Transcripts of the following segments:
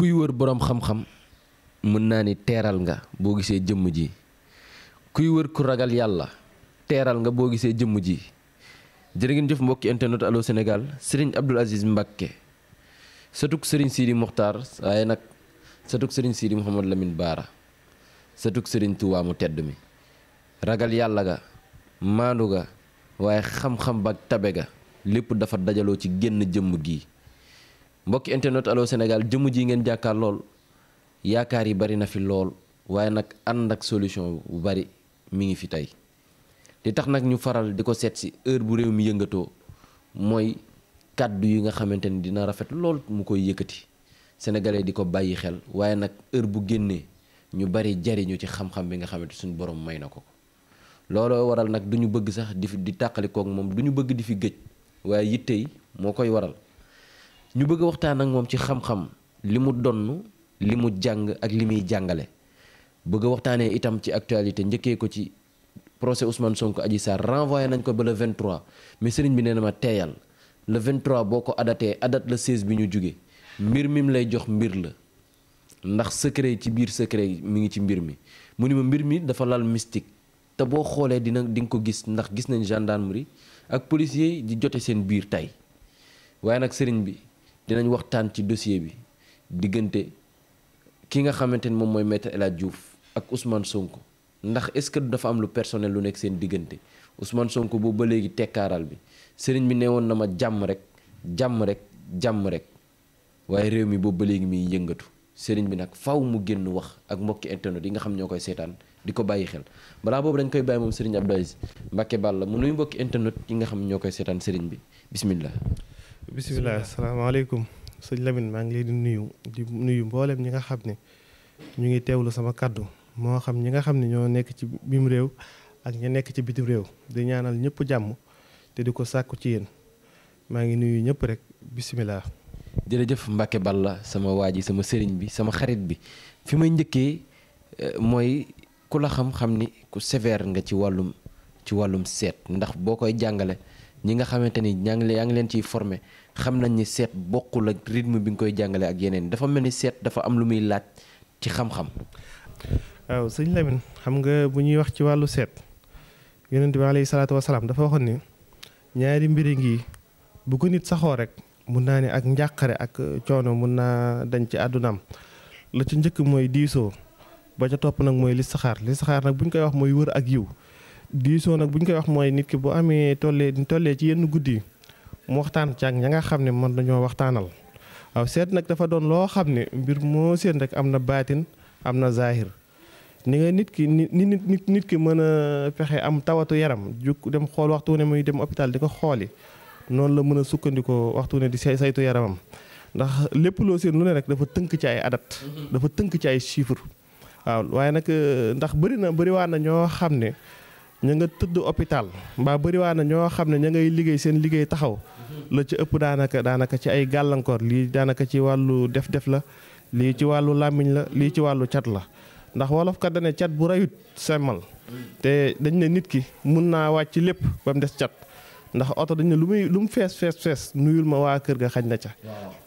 kuy wër boroom xam-xam mën naa ni teeral nga boo gisee jëmm ji kuy wër ku ragal yàlla teeral nga boo gisee jëmm ji jërë ngeen jëf mbokki internet Allô Sénégal sëriñ Abdoul Aziz Mbacke satuk sëriñ Sidi Muxtaar waaye nag satuk sëriñ Sidi Mouhamad Lamine Baara satuk sëriñ Tuubaa tedd mi ragal yàlla ga maandu ga waaye xam-xam ba tabe ga lépp dafa dajaloo ci génn jëmm gi mbokki internet Allô Sénégal jëmm ji ngeen jàkkaar lool yaakaar yi bari na fi lool waaye nag ànd ak solution bu bari mi ngi fi tey li tax nag ñu faral di ko seet si heure bu réew mi yëngatoo mooy kàddu yi nga xamante ni dina rafet lool mu koy yëkkati sénégalais di ko bàyyi xel waaye nag heure bu génnee ñu bari jariñu ci xam-xam bi nga xamante suñu borom may na ko looloo waral nag duñu bëgg sax di di tàqalikook moom du ñu bëgg di fi géej waaye yitte yi moo koy waral ñu bëgg waxtaan ak moom ci xam-xam li mu donn li mu jàng ak li muy jàngale bëgg waxtaanee itam ci actualité njëkkee ko ci procès Ousmane Sonko aji Sarr renvoyé nañ ko ba le 23 mais sëriñ bi nee na ma teeyal le 23 boo ko adatee adat le 16 bi ñu jóge mbir mi mu lay jox mbir la ndax secret ci biir secret mi ngi ci mbir mi mu ni ma mbir mi dafa lal mystique te boo xoolee dina di nga ko gis ndax gis nañ gendarmerie ak policier di jote seen biir tey waaye nag sëriñ bi dinañ waxtaan ci dossier bi diggante ki nga xamante ni moom mooy maître El Hadj Diouf ak Ousmane Sonko ndax est-ce que dafa am lu personnel lu nekk seen diggante Ousmane Sonko boobu ba léegi tekkaaral bi sëriñ bi nee woon na ma jàmm rek jàmm rek jàmm rek waaye réew mi boobu ba léegi muy yëngatu sëriñ bi nag faw mu génn wax ak mbokki internet yi nga xam ñoo koy seetaan di ko bàyyi xel balaa boobu dañ koy bàyyi moom sëriñ Abdou Aziz Mbacké Balla mu nuyu mbokki internet yi nga xam ñoo koy seetaan sëriñ bi bismillah bisimilah asalaamaaleykum sëñ Lamine maa ngi leen di nuyu di nuyu mboolem ñi nga xam ne ñu ngi teew la sama kàddu moo xam ñi nga xam ne ñoo nekk ci biim réew ak ña nekk ci bitim réew di ñaanal ñëpp jàmm te di ko sàkku ci yéen maa ngi nuyu ñëpp rek bisimilah. jërëjëf Mbacke Balla sama waa ji sama sëriñ bi sama xarit bi fi may njëkkee eh, mooy ku la xam-xam ni ku sévère nga ci wàllum ci wàllum seet ndax boo koy jàngale. ñi nga xamante ni ñaa ngi leen yaa ngi leen ciy formé xam nañ ni seet bokkul ak rythme bi nga koy jàngale ak yeneen dafa mel ni seet dafa am lu muy laaj ci xam-xam. waaw sëñ Lamine xam nga bu ñuy wax ci wàllu seet yonent bi alayhi salaatu wa dafa waxoon ni ñaari mbiri ngi bu nit saxoo rek mun naa ne ak njàqare ak coono mun naa dañ ci àddunaam la ci njëkk mooy diisoo ba ca topp nag mooy li saxaar li saxaar nag bu ñu koy wax mooy wër ak yiw diisoo nag bu ñu koy wax mooy nit ki bu amee tollee tollee ci yenn guddi mu waxtaan ci ak ña nga xam ne mën nañoo waxtaanal waaw seet nag dafa doon loo xam ne mbir moo seen rek am na baatin am na zaahir ni nga nit ki ni nit nit nit ki mën a fexe am tawatu yaram juk dem xool waxtu ne muy dem hôpital di ko xooli noonu la mën a sukkandikoo waxtu ne di saytu yaramam ndax lépp loo seen lu ne rek dafa tënk ci ay adat dafa tënk ci ay chiffres waaw na ñoo xam ne ña nga tëdd hôpital mbaa bëriwaa na ñoo xam ne ña ngay liggéey seen liggéey taxaw la ci ëpp daanaka daanaka ci ay gàllankoor lii daanaka ci wàllu def-def la lii ci wàllu làmmiñ la lii ci wàllu cat la ndax wolof kat dane cat bu rayut semmal te dañ ne nit ki mun naa wàcc lépp ba des cat ndax oto dañ ne lu muy lu mu fees fees fees nuyul ma waa kër ga xañ na ca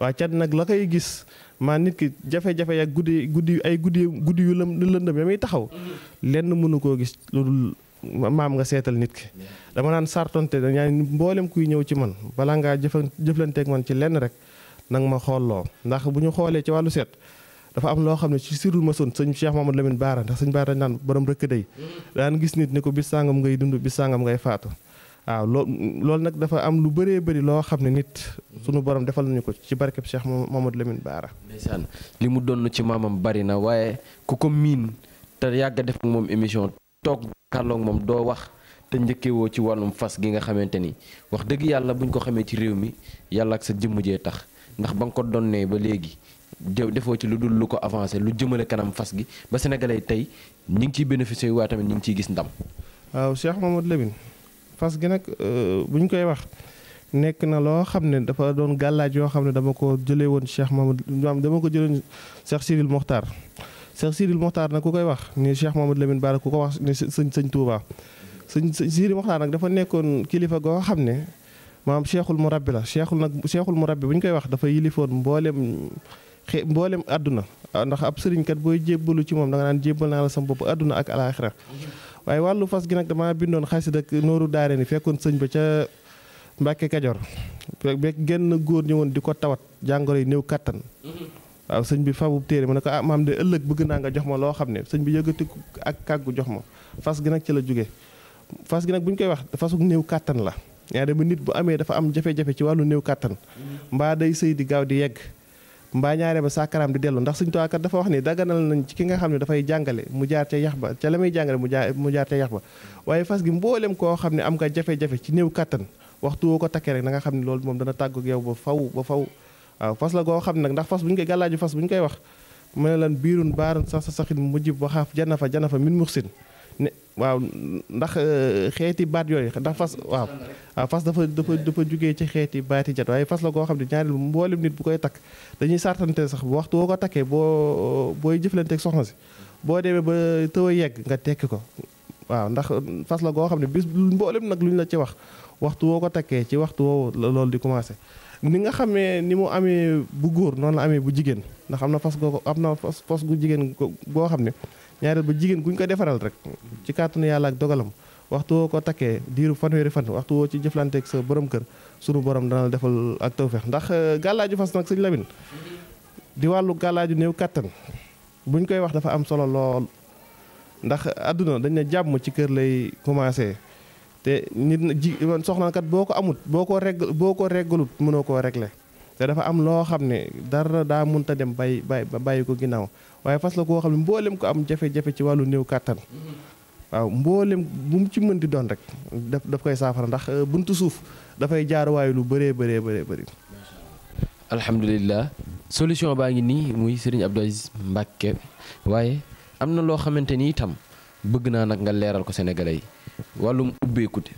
waa cat nag la koy gis maa nit ki jafe-jafe yak guddi guddi ay guddi guddi yu lëndëm ya muy taxaw mm-hmm. lenn mënu koo gis maam nga seetal nit ki dama daan sartonte dañaa mboolem kuy ñëw ci man balaa ngaa jëfa jëflanteeg man ci lenn rek nanga ma xoolloo ndax bu ñu xoolee ci wàllu seet dafa am loo xam ne ci sirul maçon sëñ Cheikh Mamadou Lamine Baara ndax sëñ Baara naan borom rëkk day daan gis nit ni ko bis sàngam ngay dund bis sàngam ngay faatu waaw loo loolu nag dafa am lu bëree bëri loo xam ne nit sunu borom defal nañu ko ci barkeb Cheikh Mamadou lemin Baara ndeysaan li mu doon ci maamam bari na waaye ku ko miin te yàgg def ak moom émission toog kàlloog moom doo wax te njëkkewoo ci wàllum fas gi nga xamante ni wax dëgg yàlla buñ ko xamee ci réew mi yàlla ak sa jëmm jee tax ndax ba nga ko donnee ba léegi defoo ci lu dul lu ko avancé lu jëmale kanam fas gi ba sénégalais tey ñi ngi ciy bénéficié waa tamit ñi ngi ciy gis ndam. waaw Cheikh Mamadou Lamine fas gi nag euh, buñ koy wax nekk na loo xam ne dafa doon gàllaaj yoo xam ne dama ko jëlee woon Cheikh Mamadou dama ko jëlee woon Cheikh Cyril Mokhtar. Cheikh Sidil Mokhtar nag ku koy wax ni Cheikh Mamadou Lamine Bara ku ko wax ni sëñ sëñ Touba sëñ Sidil nag dafa nekkoon kilifa goo xam ne maanaam cheikhul rabbi la cheikhul nag seexul cheikhul murabbi bu ñu koy wax dafa yilifoon mboolem mboolem àdduna ndax ab sëriñkat booy jébbalu ci moom da nga naan jébbal naa la sama bopp àdduna ak alaaxira waaye wàllu fas gi nag damaa bindoon xasida ak nooru daare fekkoon sëñ ba ca Mbàkke Kajoor fekk genn góor ñëwoon di ko tawat jàngoro yi néew kattan waaw sëñ bi fabub téere mu ne ko ah maam de ëllëg bëgg naa nga jox ma loo xam ne sëñ bi yëgati ak kàggu jox ma fas gi nag ci la jóge fas gi nag bu ñu koy wax fasug néew kàttan la yaa de nit bu amee dafa am jafe ci wàllu néew kàttan mm-hmm. mbaa day sëy di gaaw di yegg mbaa ñaare ba saakaraam di dellu ndax sëñ Tuubaa dafa wax ni dagganal nañ ci ki nga xam ne dafay jàngale mu jaar ca yax ba ca la muy jàngale mu jaar mu jaar ca yax ba waaye fas gi mboolem koo xam ne am nga jafe-jafe ci néew kàttan waxtu woo ko takkee na nga xam ne loolu moom dana tàggu yow ba faw ba faw waaw fas la goo xam ne nag ndax fas bu ñu koy gàllaaju fas bu ñu koy wax mu ne lan biirun baarun sax sa saxin mujjib waxaaf jana fa jana fa min muxsin ne waaw ndax euh, xeeti baat yooyu ndax fas waaw waaw fas dafa dafa dafa jugee ci xeeti baati jat waaye fas la goo xam ne ñaareel mboolem nit bu koy takk dañuy sartante sax bu waxtu woo ko takkee boo booy jëflanteeg soxna si boo demee ba tëw a yegg nga tekki ko waaw ndax fas la goo xam ne bis mboolem nag lu ñu la ci wax waxtu woo ko takkee ci waxtu woowu loolu di commencé ni nga xamee ni mu amee bu góor noonu la amee bu jigéen ndax am na fas goo am na fas fas gu jigéen goo xam ne ñaareel bu jigéen guñ ko defaral rek ci kàttanu yàlla ak dogalam waxtu woo ko takkee diiru fanweeri fan waxtu woo ci jëflanteek sa borom kër sunu borom dana defal ak tawfeex ndax euh, gàllaaju fas nag sëñ Lamine di wàllu gàllaaju néew kàttan buñ koy wax dafa am solo lool ndax àdduna dañ ne jàmm ci kër lay commencé te nit na ji soxna kat boo ko amut boo ko reg boo ko reggalut mënoo koo régler te dafa am loo xam ne dara daa munta dem bàyyi bàyyi ko ginnaaw waaye fas la koo xam ne mboolem ko am jafe-jafe ci wàllu néew kàttan waaw mboolem bu mu ci mën di doon rek daf daf koy saafara ndax euh, buntu suuf dafay jaar waayu lu bëree bëree bëree bëri. alhamdulilah solution baa ngi nii muy Serigne Abdou Aziz Mbacke waaye am na loo xamante ni itam bëgg naa nag nga leeral ko Sénégalais yi. wàllum ubbeekute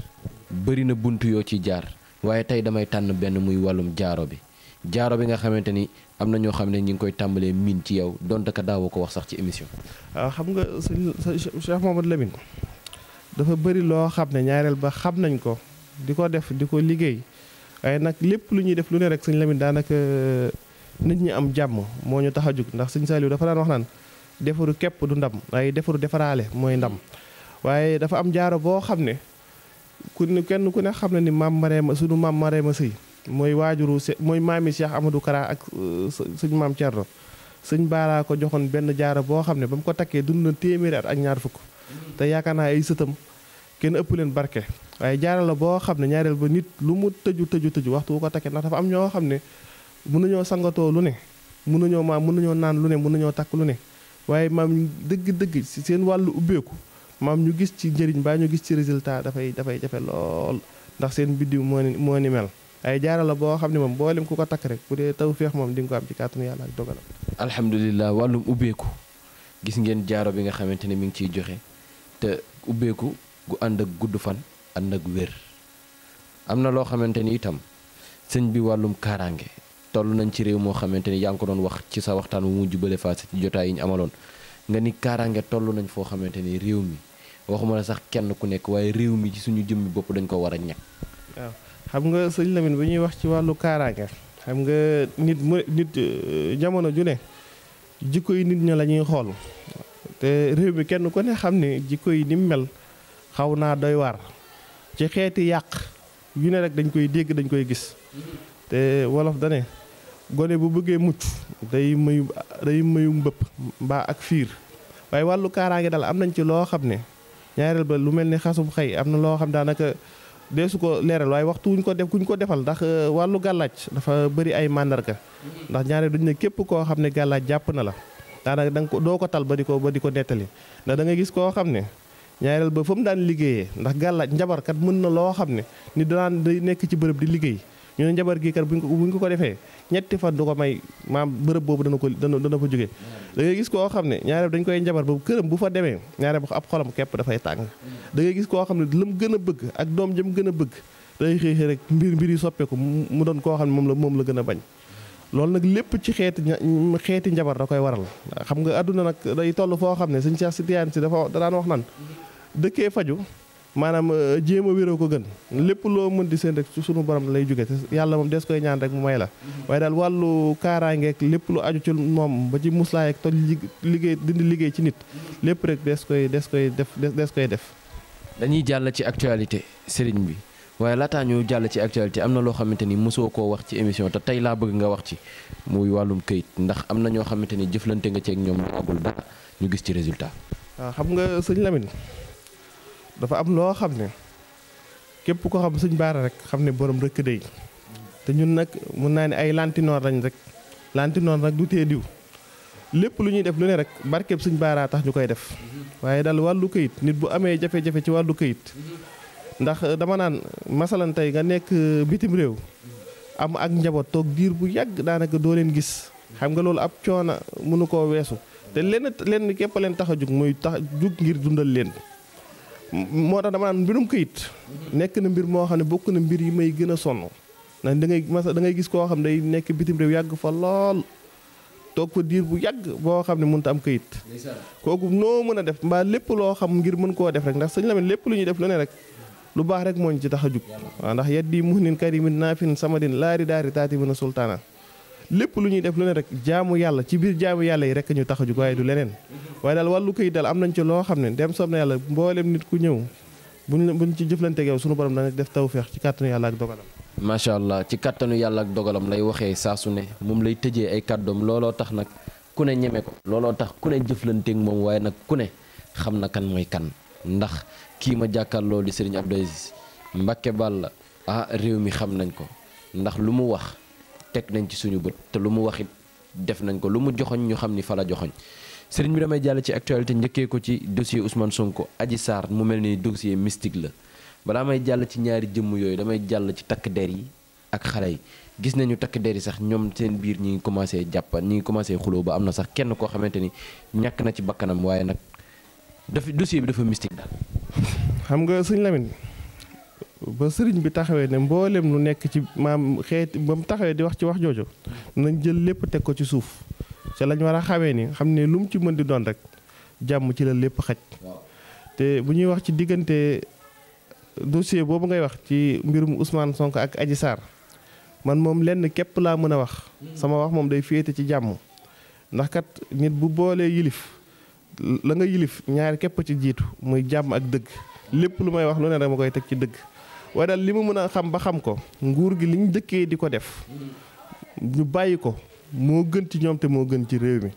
bëri na bunt yoo ci jaar waaye tey damay tànn benn muy wàllum jaaro bi jaaro bi nga xamante ni am na ñoo xam ne ñu ngi koy tàmbalee miin ci yow donte ka daawoo ko wax sax ci émission. Ah, xam nga sëñ Cheikh Mohamed Lamine dafa bëri loo xam ne ñaareel ba xam nañ ko di ko def di ko liggéey waaye nag lépp lu ñuy def lu ne rek sëñ Lamine daanaka euh, nit ñi am jàmm moo ñu tax a jug ndax sëñ Saliou dafa daan wax naan defaru képp du ndam waaye defaru defaraale mooy ndam. waaye dafa am jaaro boo xam ne ku ne kenn ku ne xam ne ni maam Mareema sunu maam Mareema Sëy mooy waajuru se mooy maami Cheikh amadu karaa ak euh, suñ maam Thierno sëñ Baara ko joxoon benn jaaro boo xam ne ba mu ko takkee dund na téeméeri at ak ñaar fukk te yaakaar naa ay sëtam kenn ëpp leen barke. waaye jaaro la boo xam ne ñaareel ba nit lu mu tëju tëju tëju waxtu wu ko takkee ndax dafa am ñoo xam ne mën nañoo sangatoo lu ne mën nañoo maam mën nañoo naan lu ne mën nañoo takk lu ne waaye maam dëgg-dëgg si seen wàllu ubbeeku. maam ñu gis ci njëriñ baa ñu gis ci résultat dafay dafay jafe lool ndax seen biddiw moo ni moo ni mel ay jaaro la boo xam ne moom boolem ku ko takk rek bu dee taw feex moom di ko am ci kàttanu yàlla ak dogalam ubbeeku gis ngeen jaaro bi nga xamante ne mi ngi ciy joxe te ubbeeku gu ànd ak gudd fan ànd ak wér am na loo xamante ni itam sëñ bi wàllum kaaraange tollu nañ ci réew moo xamante ni yaa ngi ko doon wax ci sa waxtaan wu mujj bële faase ci jotaay yi ñu amaloon nga ni kaaraange toll nañ foo xamante ni réew mi waxuma la sax kenn ku nekk waaye réew mi ci suñu jëmmi bopp dañ ko war a ñàkk. xam nga sëñ Lamine bu ñuy wax ci wàllu kaaraange xam nga nit mu nit euh, jamono ju ne jikko yi nit ña la ñuy xool te réew mi kenn ku ne xam ne jikko yi ni mel xaw naa doy waar ci xeeti yàq yu ne rek dañ koy dégg dañ koy gis te wolof dane gone bu bëggee mucc day mayu day mayu mbëpp mbaa ak fiir waaye wàllu kaaraange daal am nañ ci loo xam ne. ñaareel ba lu mel ni xasum xëy am na loo xam daanaka deesu ko leeral waaye waxtu wuñ ko def kuñ ko defal ndax euh, wàllu gàllaaj dafa bëri ay màndarga ndax ñaareel duñ ne képp koo xam ne gàllaaj jàpp na la daanaka da ko doo ko tal ba di ko ba di ko nettali ndax da nga gis koo xam ne ñaareel ba fa mu daan liggéeyee ndax gàllaaj njabarkat mën na loo xam ne ni daan day nekk ci bërëb di liggéey ñu ne njabar gi kat buñ ko buñ ko ko defee ñetti fan du ko may maam bërëb boobu dana ko dana dana fa jóge da ngay gis koo xam ne ñaareel dañ koy njabar boobu këram bu fa demee ñaareel ab xolam képp dafay tàng da gis koo xam ne lu gën a bëgg ak doom jëm gën a bëgg day xëy xëy rek mbir mbir yi soppeeku mu doon koo xam ne moom la moom la gën a bañ loolu nag lépp ci xeet xeeti xeeti njabar da koy waral xam nga àdduna nag day toll foo xam ne suñ Cheikh Tidiane si dafa daan wax nan dëkkee faju maanaam euh, jéem a wéroo ko gën lépp loo mën di seen rek sunu borom lay jóge te yàlla moom des koy ñaan rek mu may la mm-hmm. waaye daal wàllu kaaraangeek lépp lu aju ci moom ba ci muslaay ak toj liggéey dindi liggéey ci nit lépp rek des koy des koy def des koy def dañuy jàll ci actualité sëriñ bi waaye laataa ñu jàll ci actualité am na loo xamante ni mosoo koo wax ci émission te tey laa bëgg nga wax ci muy wàllum këyit ndax am na ñoo xamante ni jëflante nga ceeg ñoom agul dara ñu gis ci résultat waaw ah, xam nga sëñ Lamine dafa am loo xam ne képp ko xam suñ baara rek xam ne borom rëkk day te ñun nag mun naa ne ay lantinoor rañ rek lantinoor rak du tee diw lépp lu ñuy def lu ne rek barkeeb suñ baaraa tax ñu koy def waaye daal wàllu këyit nit bu amee jafe-jafe ci wàllu këyit ndax dama naan masalan tey nga nekk euh, bitim réew am ak njaboot toog diir bu yàgg daanaka doo leen gis xam nga loolu ab coona mënu koo weesu te lenn lenn képp leen tax a jug muy tax jug ngir dundal leen moo tax dama naan mbirum këyit nekk na mbir moo xam ne bokk na mbir yi may gën a sonn ndax da ngay masa da ngay gis koo xam ne day nekk bitim réew yàgg fa lool toog fa diir bu yàgg boo xam ne mun a am këyit kooku noo mën a def mbaa lépp loo xam ngir mën koo def rek ndax sëñ Lamine lépp lu ñuy def lu ne rek lu baax rek moo ñu ci tax a jug waaw ndax yaddi muhnin karimin naafin samadin laari daari taati mën a sultaana lépp lu ñuy def lu ne rek jaamu yàlla ci biir jaamu yàlla yi rek ñu tax a waaye du leneen waaye daal wàllu këyit daal am nañ ci loo xam ne dem soob na yàlla mboolem nit ku ñëw bu bu ñu ci jëflanteeg yow sunu borom dana def tawféex ci kàttanu yàlla ak dogalam. macha allah ci kàttanu yàlla ak dogalam lay waxee saa su ne moom lay tëjee ay kàddoom looloo tax nag ku ne ñeme ko. looloo tax ku ne jëflanteeg moom waaye nag ku ne xam na kan mooy kan ndax kii ma jàkkaarloo di Serigne Abdou Aziz Mbacké Balla ah réew mi xam nañ ko ndax lu mu wax teg nañ ci suñu bët te lu mu waxit def nañ ko lu mu joxoñ ñu xam ni fa la joxoñ sëriñ bi damay jàll ci actualité njëkkee ko ci dossier Ousmane Sonko Adji Sarr mu mel ni dossier mystique la balaa may jàll ci ñaari jëmm yooyu damay jàll ci takk der yi ak xale yi gis nañu takk der yi sax ñoom seen biir ñi ngi commencé jàpp ñi ngi commencé xuloo ba am na sax kenn koo xamante ni ñàkk na ci bakkanam waaye nag dafa dossier bi dafa mystique daal. ba sëriñ bi taxawee ne mbooleem nu nekk ci maam xeet ba mu taxawee di wax ci wax jooju nañ jël lépp teg ko ci suuf ca lañ war a xawee ni xam ne lu mu ci mën di doon rek jàmm ci la lépp xaj te bu ñuy wax ci diggante dossier boobu ngay wax ci mbirum usmaan sonk ak aji Sarr man moom lenn képp laa mën a wax hmm. sama wax moom day féete ci jàmm ndax kat nit bu boolee yilif la nga yilif ñaari képp ci jiitu muy jàmm ak dëgg lépp lu may wax lu ne rek ma koy teg ci dëgg waaye daal li ma mën a xam ba xam ko nguur gi liñ dëkkee di ko def ñu bàyyi ko moo gën ci ñoom te moo gën ci réew mi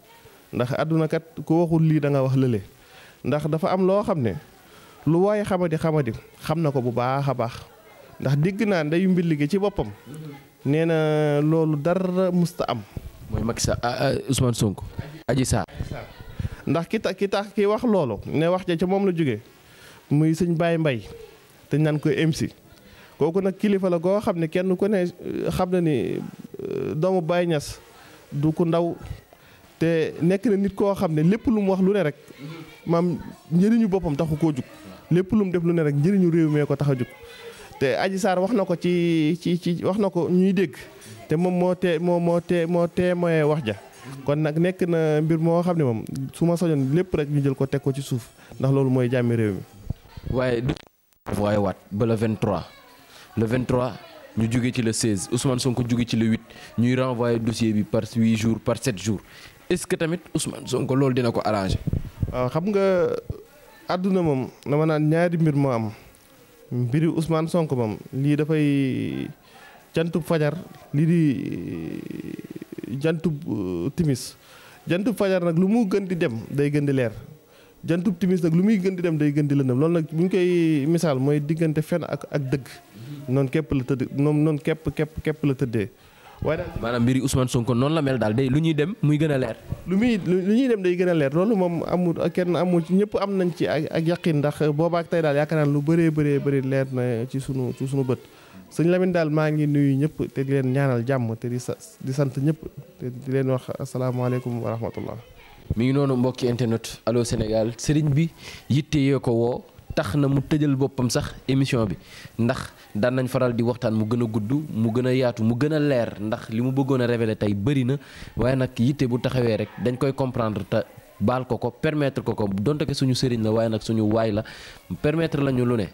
ndax àdduna kat ku waxul lii da nga wax lële ndax dafa am loo xam ne lu waaye xamadi xamadi xam na ko bu baax a baax ndax dégg naa ndeyu mbil gi ci boppam nee na loolu dara musta am. mooy Macky Sall ah, ah, Ousmane Sonko. Adji Sarr ndax ki tax ki tax ki wax loolu ne wax ja ca moom la jóge muy sëñ Baye mbay te ñu ko MC. kooku nag kilifa la goo xam ne kenn ku ne euh, xam na ni euh, doomu Baye ñas du ku ndaw te nekk na nit koo xam ne lépp lu mu wax lu ne rek maam njëriñu boppam taxu koo jug lépp lu mu def lu ne rek njëriñu réew mee ko tax a jug te Adji saar wax na ko ci ci ci wax na ko ñuy dégg te moom moo tee moo moo tee moo témoin wax ja kon nag nekk na mbir moo xam ne moom su ma soñoon lépp rek ñu jël ko teg ko ci suuf ndax loolu mooy jàmmi réew mi. waaye du. waaye waat le 23 ñu jóge ci le 16 Ousmane Sonko jóge ci le 8 ñuy renvoyer dossier bi par 8 jours par 7 jours est-ce que tamit Ousmane Sonko loolu dina ko arranger. waaw xam nga àdduna moom dama naan ñaari mbir moo am mbiri Ousmane Sonko moom lii dafay jantub fajar lii di eh, jantub eh, timis jantub fajar nag lu mu gën di dem day gën di leer. jantub timis nag lu muy gën di dem day gën di lëndëm loolu nag bu ñu koy misaal mooy diggante fen ak ak dëgg noonu képp la tëdd moom noon képp képp képp la tëddee. waaye daal maanaam mbiri Ousmane Sonko noonu la mel daal de lu ñuy dem muy gën a leer. lu muy lu ñuy dem day gën a leer loolu moom amul kenn amul ñëpp am nañ ci ak ak yaqin ndax boobaak tey daal yaakaar naa lu bëree bëree bëri leer na ci sunu ci bët. sëñ Lamine daal maa ngi nuyu ñëpp te di leen ñaanal jàmm te di sa di sant ñëpp te di leen wax asalaamaaleykum wa rahmatullah mi ngi noonu mbokki internet aloo Sénégal sëriñ bi yitte yee ko woo. tax na mu tëjal boppam sax émission bi ndax daan nañ faral di waxtaan mu gën a gudd mu gën a yaatu mu gën a leer ndax li mu bëggoon a révéler tey bëri na waaye nag yitte bu taxawee rek dañ koy comprendre te baal ko ko permettre ko ko donte ko suñu sëriñ la waaye nag suñu waay la permettre lañu ñu lu ne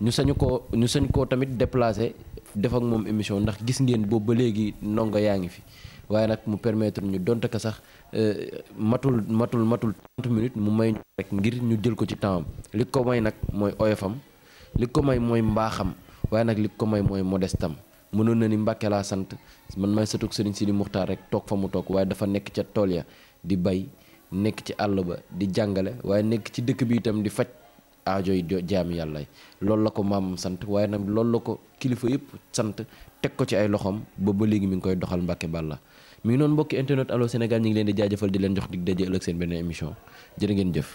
ñu sañu ko ñu sañ koo tamit déplacer def ak moom émission ndax gis ngeen boobu ba léegi ndongo yaa ngi fi. waaye nag mu permettre ñu donte ko sax euh, matul matul matul 30 mu may rek ngir ñu jël ko ci temps li ko may nag mooy oyofam li ko may mooy mbaaxam waaye nag li ko may mooy modestam mënoon na ni Mbàkke laa sant man may satug Serigne Sidi Muxtaar rek toog fa mu toog waaye dafa nekk ca tool ya di bay nekk ci àll ba di jàngale waaye nekk ci dëkk bi itam di faj. aajoy jaam yàlla loolu la ko maamam sant waaye nag loolu la ko kilifa yëpp sant teg ko ci ay loxoom ba ba léegi mi ngi koy doxal Mbàkke Bàlla mu ngi noonu mbokki internet Allô Sénégal ñi ngi leen di jaajëfal di leen jox dig daje ëllëg seen benn émission jërë ngeen jëf